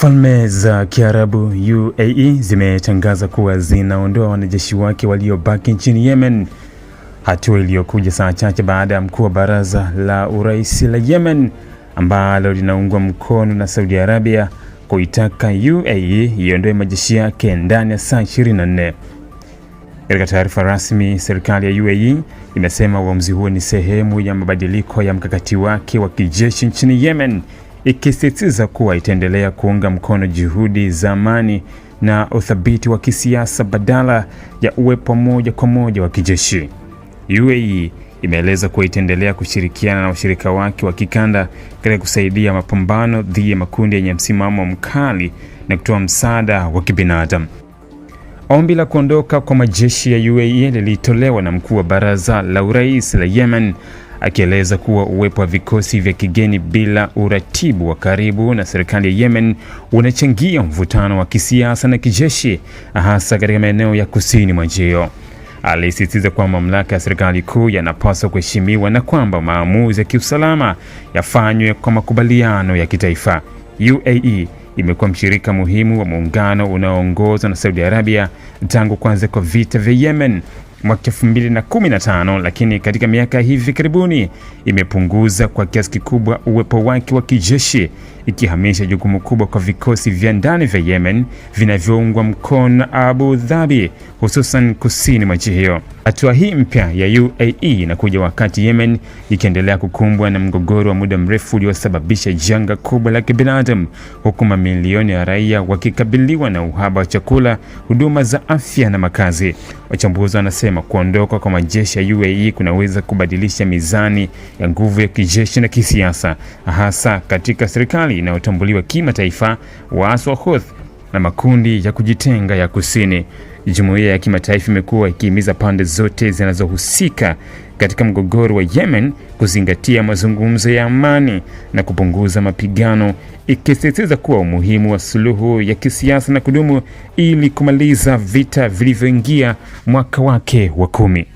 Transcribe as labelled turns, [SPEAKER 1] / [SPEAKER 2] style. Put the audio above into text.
[SPEAKER 1] Falme za Kiarabu UAE zimetangaza kuwa zinaondoa wanajeshi wake waliobaki nchini Yemen, hatua iliyokuja saa chache baada ya mkuu wa baraza la urais la Yemen ambalo linaungwa mkono na Saudi Arabia kuitaka UAE iondoe majeshi yake ndani ya saa 24. Katika taarifa rasmi, serikali ya UAE imesema uamuzi huo ni sehemu ya mabadiliko ya mkakati wake wa kijeshi nchini Yemen ikisisitiza kuwa itaendelea kuunga mkono juhudi za amani na uthabiti wa kisiasa badala ya uwepo moja kwa moja wa kijeshi. UAE imeeleza kuwa itaendelea kushirikiana na washirika wake wa kikanda katika kusaidia mapambano dhidi ya makundi yenye msimamo mkali na kutoa msaada wa kibinadamu. Ombi la kuondoka kwa majeshi ya UAE lilitolewa na mkuu wa baraza la urais la Yemen akieleza kuwa uwepo wa vikosi vya kigeni bila uratibu wa karibu na serikali ya Yemen unachangia mvutano wa kisiasa na kijeshi, hasa katika maeneo ya kusini mwa nchi hiyo. Alisisitiza kwamba mamlaka ya serikali kuu yanapaswa kuheshimiwa na kwamba maamuzi ya kiusalama yafanywe kwa makubaliano ya kitaifa. UAE imekuwa mshirika muhimu wa muungano unaoongozwa na Saudi Arabia tangu kuanza kwa vita vya Yemen mwaka 2015, lakini katika miaka hivi karibuni imepunguza kwa kiasi kikubwa uwepo wake wa kijeshi, ikihamisha jukumu kubwa kwa vikosi vya ndani vya Yemen vinavyoungwa mkono Abu Dhabi, hususan kusini mwa nchi hiyo. Hatua hii mpya ya UAE inakuja wakati Yemen ikiendelea kukumbwa na mgogoro wa muda mrefu uliosababisha janga kubwa la kibinadamu, huku mamilioni ya raia wakikabiliwa na uhaba wa chakula, huduma za afya na makazi. Wachambuzi wanasema kuondoka kwa majeshi ya UAE kunaweza kubadilisha mizani ya nguvu ya kijeshi na kisiasa, hasa katika serikali inayotambuliwa kimataifa, waasi wa Houthi na makundi ya kujitenga ya kusini. Jumuiya ya kimataifa imekuwa ikihimiza pande zote zinazohusika katika mgogoro wa Yemen kuzingatia mazungumzo ya amani na kupunguza mapigano, ikisisitiza kuwa umuhimu wa suluhu ya kisiasa na kudumu ili kumaliza vita vilivyoingia mwaka wake wa kumi.